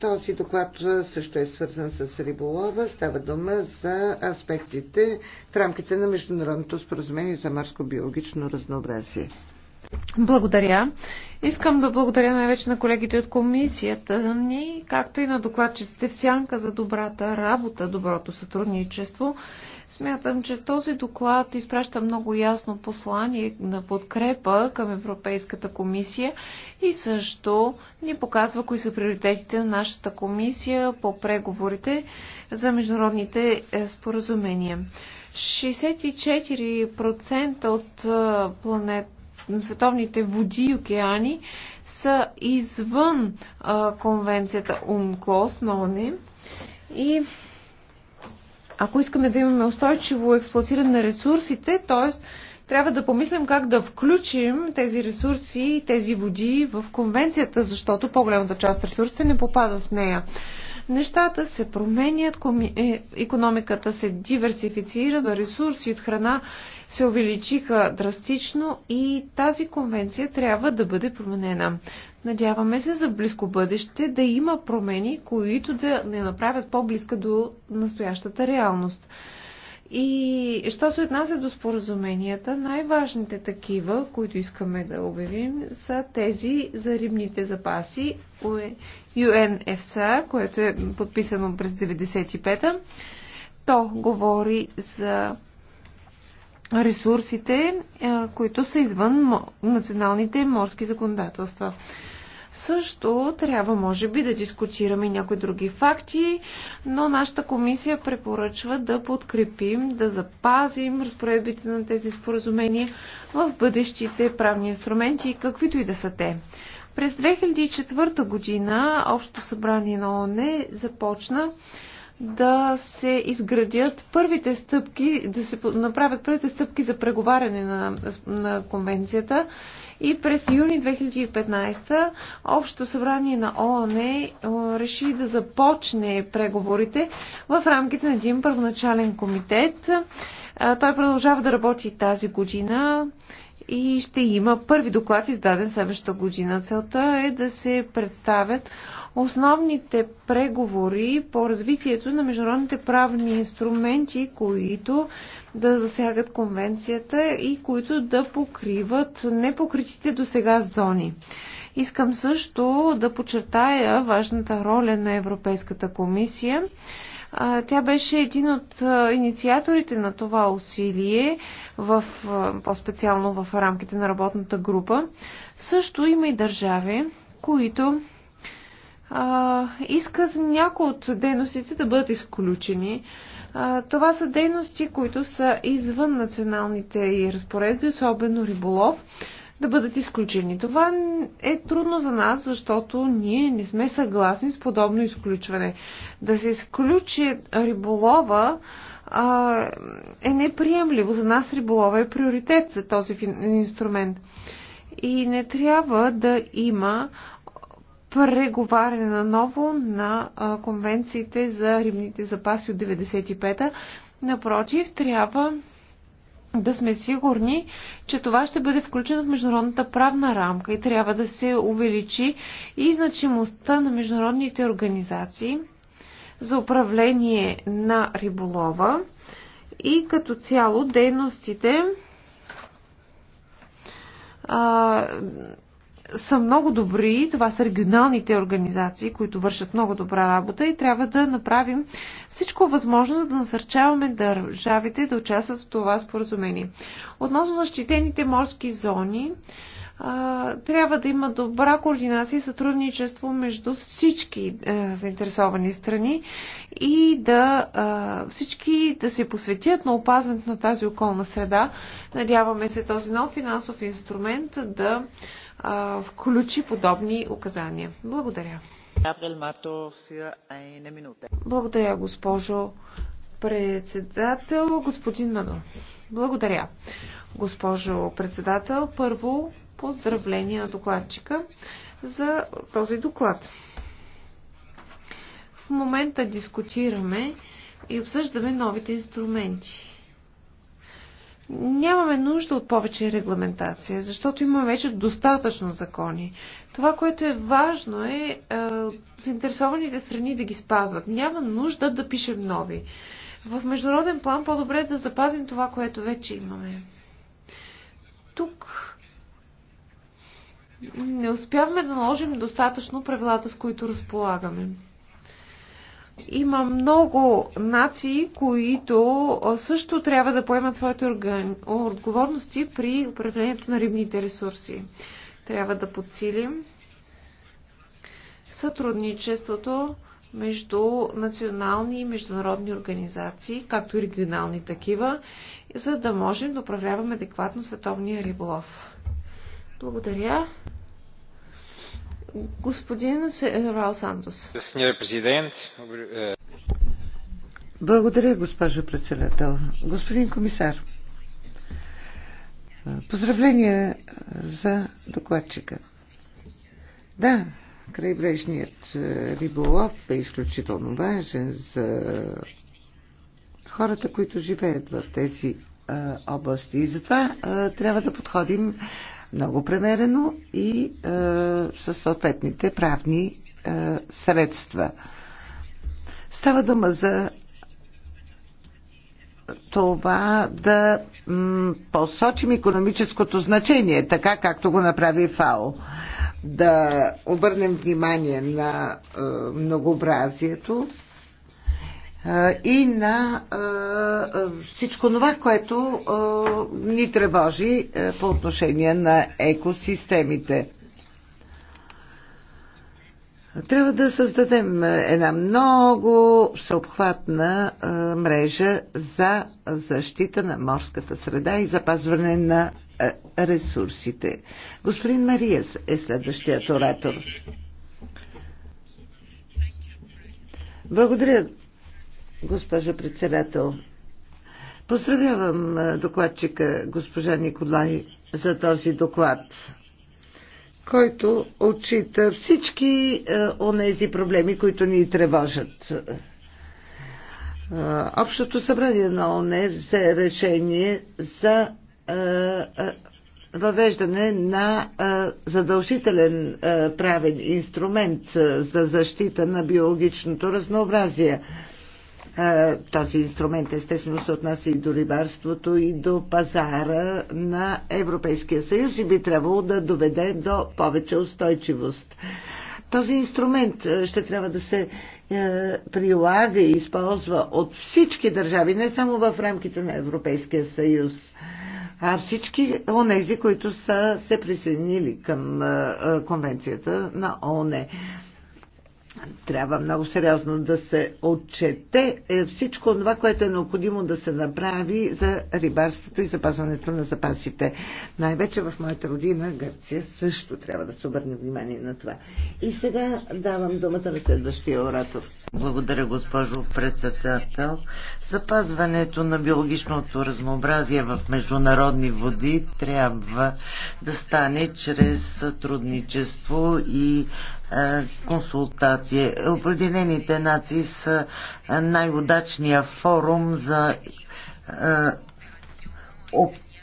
Този доклад също е свързан с риболова. Става дума за аспектите в рамките на Международното споразумение за морско биологично разнообразие. Благодаря. Искам да благодаря най-вече на колегите от комисията ни, както и на докладчиците в сянка за добрата работа, доброто сътрудничество. Смятам, че този доклад изпраща много ясно послание на подкрепа към Европейската комисия и също ни показва кои са приоритетите на нашата комисия по преговорите за международните е, споразумения. 64% от е, планет световните води и океани са извън а, конвенцията УМКЛОС на ОНЕ. И ако искаме да имаме устойчиво експлуатиране на ресурсите, т.е. трябва да помислим как да включим тези ресурси тези води в конвенцията, защото по-голямата част от ресурсите не попадат в нея. Нещата се променят, економиката се диверсифицира, ресурси от храна се увеличиха драстично и тази конвенция трябва да бъде променена. Надяваме се за близко бъдеще да има промени, които да не направят по-близка до настоящата реалност. И що се отнася до споразуменията, най-важните такива, които искаме да обявим, са тези за рибните запаси UNFSA, което е подписано през 95-та. То говори за ресурсите, които са извън националните морски законодателства. Също трябва, може би, да дискутираме някои други факти, но нашата комисия препоръчва да подкрепим, да запазим разпоредбите на тези споразумения в бъдещите правни инструменти, каквито и да са те. През 2004 година Общото събрание на ООН започна да се изградят първите стъпки, да се направят първите стъпки за преговаряне на, на конвенцията. И през юни 2015 Общото събрание на ООН е, реши да започне преговорите в рамките на един първоначален комитет. Той продължава да работи тази година и ще има първи доклад, издаден следващата година. Целта е да се представят основните преговори по развитието на международните правни инструменти, които да засягат конвенцията и които да покриват непокритите до сега зони. Искам също да подчертая важната роля на Европейската комисия. Тя беше един от инициаторите на това усилие, в, по-специално в рамките на работната група. Също има и държави, които а, искат някои от дейностите да бъдат изключени. А, това са дейности, които са извън националните и разпоредби, особено риболов, да бъдат изключени. Това е трудно за нас, защото ние не сме съгласни с подобно изключване. Да се изключи риболова а, е неприемливо. За нас риболова е приоритет за този инструмент. И не трябва да има преговаряне наново на конвенциите за рибните запаси от 95-та. Напротив, трябва да сме сигурни, че това ще бъде включено в международната правна рамка и трябва да се увеличи и значимостта на международните организации за управление на риболова и като цяло дейностите са много добри. Това са регионалните организации, които вършат много добра работа и трябва да направим всичко възможно, за да насърчаваме държавите да участват в това споразумение. Относно защитените морски зони, трябва да има добра координация и сътрудничество между всички е, заинтересовани страни и да е, всички да се посветят на опазването на тази околна среда. Надяваме се този нов финансов инструмент да а, включи подобни указания. Благодаря. Благодаря, госпожо председател. Господин Мадо. Благодаря. Госпожо председател, първо поздравление на докладчика за този доклад. В момента дискутираме и обсъждаме новите инструменти Нямаме нужда от повече регламентация, защото имаме вече достатъчно закони. Това, което е важно е, е заинтересованите страни да ги спазват. Няма нужда да пишем нови. В международен план по-добре е да запазим това, което вече имаме. Тук не успяваме да наложим достатъчно правилата, с които разполагаме. Има много нации, които също трябва да поемат своите отговорности при управлението на рибните ресурси. Трябва да подсилим сътрудничеството между национални и международни организации, както и регионални такива, за да можем да управляваме адекватно световния риболов. Благодаря. Господин Рао Сантос. Е, Благодаря, госпожо председател. Господин комисар, поздравления за докладчика. Да, крайбрежният е, риболов е изключително важен за хората, които живеят в тези е, области. И затова трябва да подходим много премерено и е, със съответните правни е, средства. Става дума за това да посочим економическото значение, така както го направи ФАО. Да обърнем внимание на е, многообразието, и на всичко това, което ни тревожи по отношение на екосистемите. Трябва да създадем една много всеобхватна мрежа за защита на морската среда и запазване на ресурсите. Господин Мариес е следващият оратор. Благодаря, госпожо председател. Поздравявам докладчика госпожа Николай за този доклад, който отчита всички онези проблеми, които ни тревожат. Общото събрание на ОНЕ взе решение за въвеждане на задължителен правен инструмент за защита на биологичното разнообразие. Този инструмент естествено се отнася и до рибарството и до пазара на Европейския съюз и би трябвало да доведе до повече устойчивост. Този инструмент ще трябва да се прилага и използва от всички държави, не само в рамките на Европейския съюз, а всички онези, които са се присъединили към конвенцията на ОНЕ трябва много сериозно да се отчете е, всичко това, което е необходимо да се направи за рибарството и запазването на запасите. Най-вече в моята родина, Гърция, също трябва да се обърне внимание на това. И сега давам думата на следващия оратор. Благодаря, госпожо председател. Запазването на биологичното разнообразие в международни води трябва да стане чрез сътрудничество и е, консултация. Определените нации са е, най-удачния форум за, е,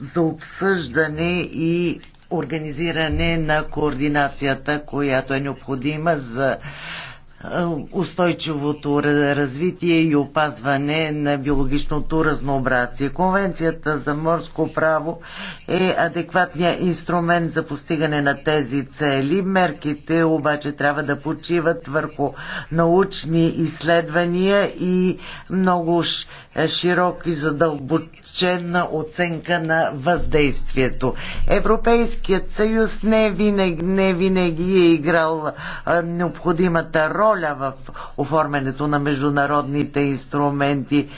за обсъждане и организиране на координацията, която е необходима за е, устойчивото развитие и опазване на биологичното разнообразие. Конвенцията за морско право е адекватният инструмент за постигане на тези цели. Мерките обаче трябва да почиват върху научни изследвания и много е, широк и задълбочена оценка на въздействието. Европейският съюз не винаги, не винаги е играл е, необходимата роля в оформянето на международните инструменти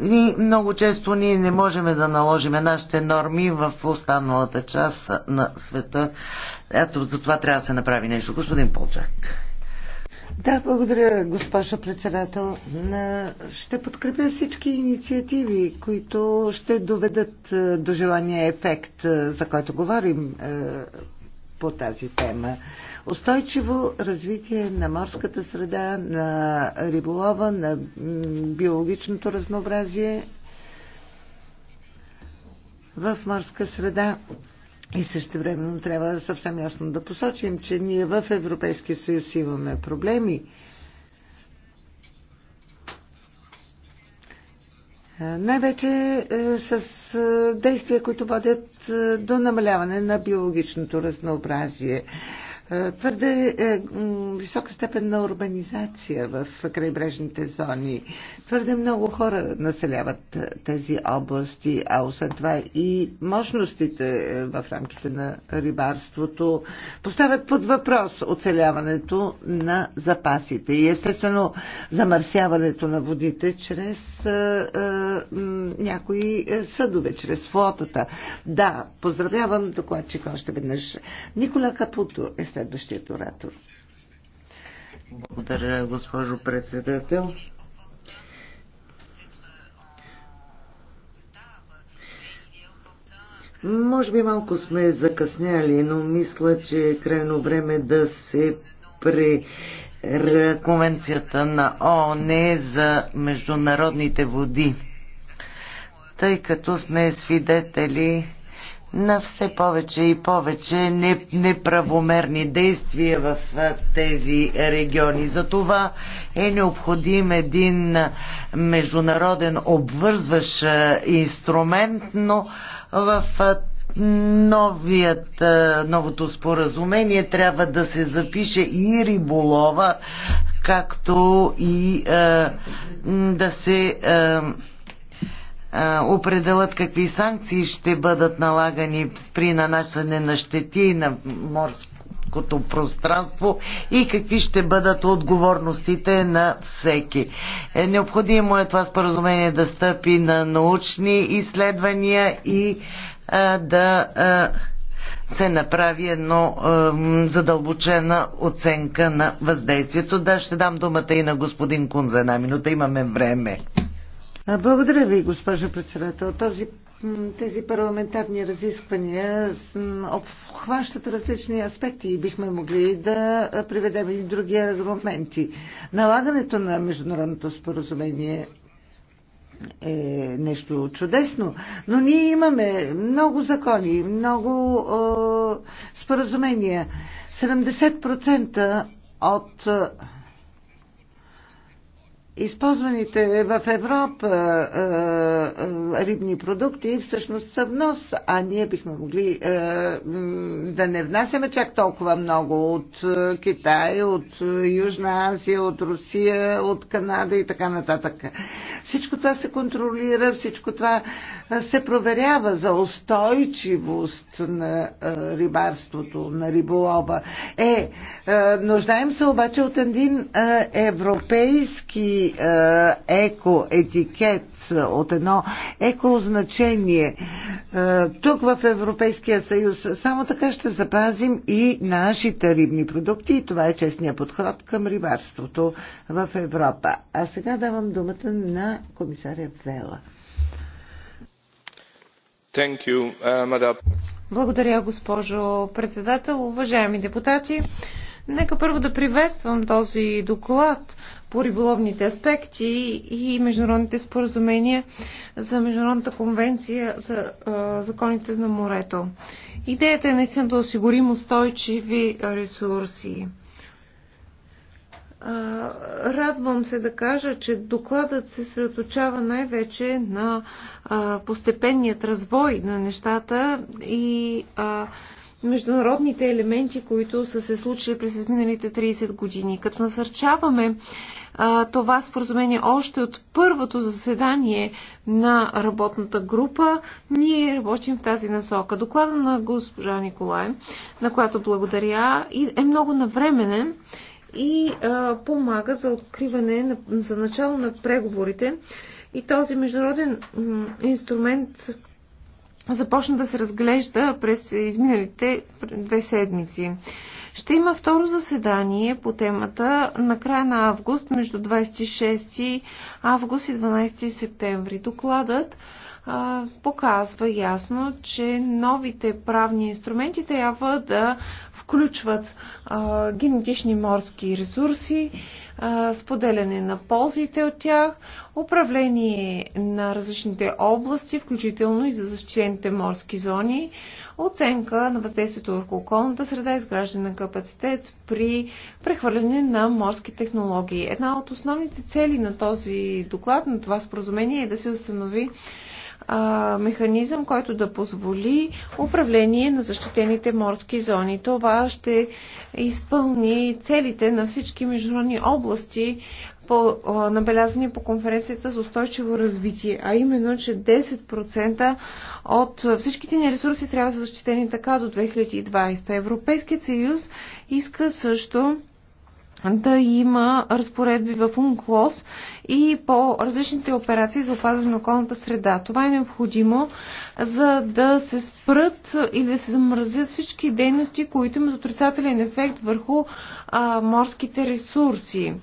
и много често ние не можем да наложим нашите норми в останалата част на света. Ето, за това трябва да се направи нещо. Господин Полчак. Да, благодаря, госпожо председател. Ще подкрепя всички инициативи, които ще доведат е, до желания ефект, е, за който говорим е, по тази тема. Устойчиво развитие на морската среда, на риболова, на биологичното разнообразие в морска среда. И също времено трябва съвсем ясно да посочим, че ние в Европейския съюз имаме проблеми. Най-вече е, с е, действия, които водят е, до намаляване на биологичното разнообразие. Е, твърде е, висока степен на урбанизация в крайбрежните зони. Твърде много хора населяват е, тези области, а освен това и мощностите в рамките на рибарството поставят под въпрос оцеляването на запасите и естествено замърсяването на водите чрез някои съдове, чрез флотата. Да, поздравявам докладчика още веднъж. Никола Капуто е следващият оратор. Благодаря, госпожо председател. Може би малко сме закъсняли, но мисля, че е крайно време да се при конвенцията на ООН за международните води, тъй като сме свидетели на все повече и повече неправомерни действия в тези региони. За това е необходим един международен обвързващ инструмент, но в новият, новото споразумение трябва да се запише и риболова, както и да се определят какви санкции ще бъдат налагани при нанасяне на щети и на морското пространство и какви ще бъдат отговорностите на всеки. Е, необходимо е това споразумение да стъпи на научни изследвания и а, да а, се направи едно а, задълбочена оценка на въздействието. Да, ще дам думата и на господин за една минута. Имаме време. Благодаря ви, госпожо председател. Този, тези парламентарни разисквания обхващат различни аспекти и бихме могли да приведем и други аргументи. Налагането на международното споразумение е нещо чудесно, но ние имаме много закони, много е, споразумения. 70% от е, използваните в Европа рибни продукти всъщност са внос, а ние бихме могли да не внасяме чак толкова много от Китай, от Южна Азия, от Русия, от Канада и така нататък. Всичко това се контролира, всичко това се проверява за устойчивост на рибарството, на риболова. Е, нуждаем се обаче от един европейски е, еко етикет, от едно еко значение е, тук в Европейския съюз. Само така ще запазим и нашите рибни продукти и това е честния подход към рибарството в Европа. А сега давам думата на комисаря Вела. You, uh, Благодаря, госпожо председател. Уважаеми депутати, Нека първо да приветствам този доклад по риболовните аспекти и международните споразумения за Международната конвенция за а, законите на морето. Идеята е наистина да осигурим устойчиви ресурси. Радвам се да кажа, че докладът се средоточава най-вече на постепенният развой на нещата и международните елементи, които са се случили през изминалите 30 години. Като насърчаваме а, това споразумение още от първото заседание на работната група, ние работим в тази насока. Доклада на госпожа Николай, на която благодаря, е много навременен и а, помага за откриване, на, за начало на преговорите. И този международен инструмент започна да се разглежда през изминалите две седмици. Ще има второ заседание по темата на края на август, между 26 август и 12 септември. Докладът показва ясно, че новите правни инструменти трябва да включват генетични морски ресурси, споделяне на ползите от тях, управление на различните области, включително и за защитените морски зони, оценка на въздействието върху околната среда, изграждане на капацитет при прехвърляне на морски технологии. Една от основните цели на този доклад, на това споразумение е да се установи а, механизъм, който да позволи управление на защитените морски зони. Това ще изпълни целите на всички международни области, по, а, набелязани по конференцията за устойчиво развитие, а именно, че 10% от всичките ни ресурси трябва да са защитени така до 2020. Европейският съюз иска също да има разпоредби в УНКЛОС и по различните операции за опазване на околната среда. Това е необходимо, за да се спрат или да се замразят всички дейности, които имат отрицателен ефект върху а, морските ресурси.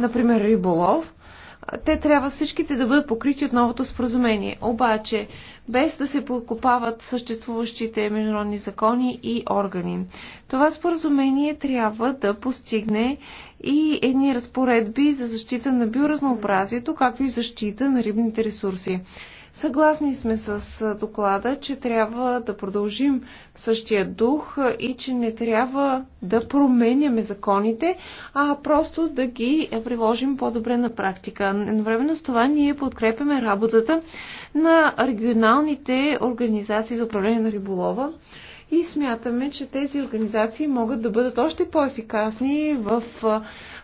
Например, риболов те трябва всичките да бъдат покрити от новото споразумение. Обаче, без да се подкопават съществуващите международни закони и органи. Това споразумение трябва да постигне и едни разпоредби за защита на биоразнообразието, както и защита на рибните ресурси. Съгласни сме с доклада, че трябва да продължим в същия дух и че не трябва да променяме законите, а просто да ги приложим по-добре на практика. Едновременно с това ние подкрепяме работата на регионалните организации за управление на риболова, и смятаме, че тези организации могат да бъдат още по-ефикасни в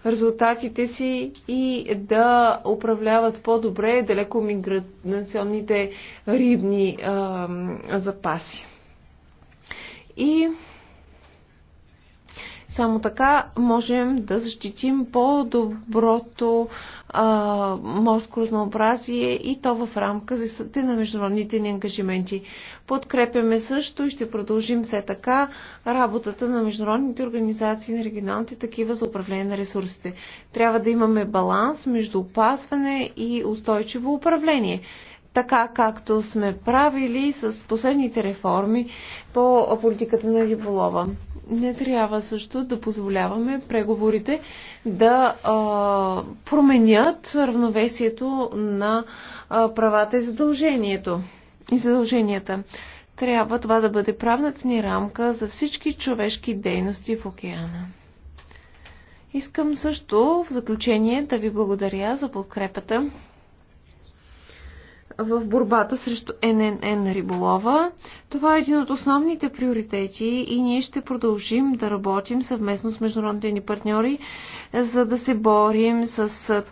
резултатите си и да управляват по-добре далеко миграционните рибни а, запаси. И само така можем да защитим по-доброто морско разнообразие и то в рамка за на международните ни ангажименти. Подкрепяме също и ще продължим все така работата на международните организации, на регионалните такива за управление на ресурсите. Трябва да имаме баланс между опазване и устойчиво управление така както сме правили с последните реформи по политиката на риболова. Не трябва също да позволяваме преговорите да а, променят равновесието на а, правата и задължението. И задълженията. Трябва това да бъде правната ни рамка за всички човешки дейности в океана. Искам също в заключение да ви благодаря за подкрепата в борбата срещу ННН риболова. Това е един от основните приоритети и ние ще продължим да работим съвместно с международните ни партньори, за да се борим с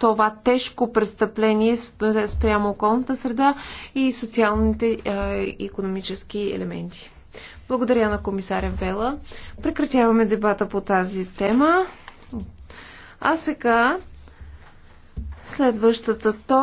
това тежко престъпление спрямо околната среда и социалните и економически елементи. Благодаря на комисаря Вела. Прекратяваме дебата по тази тема. А сега следващата точка.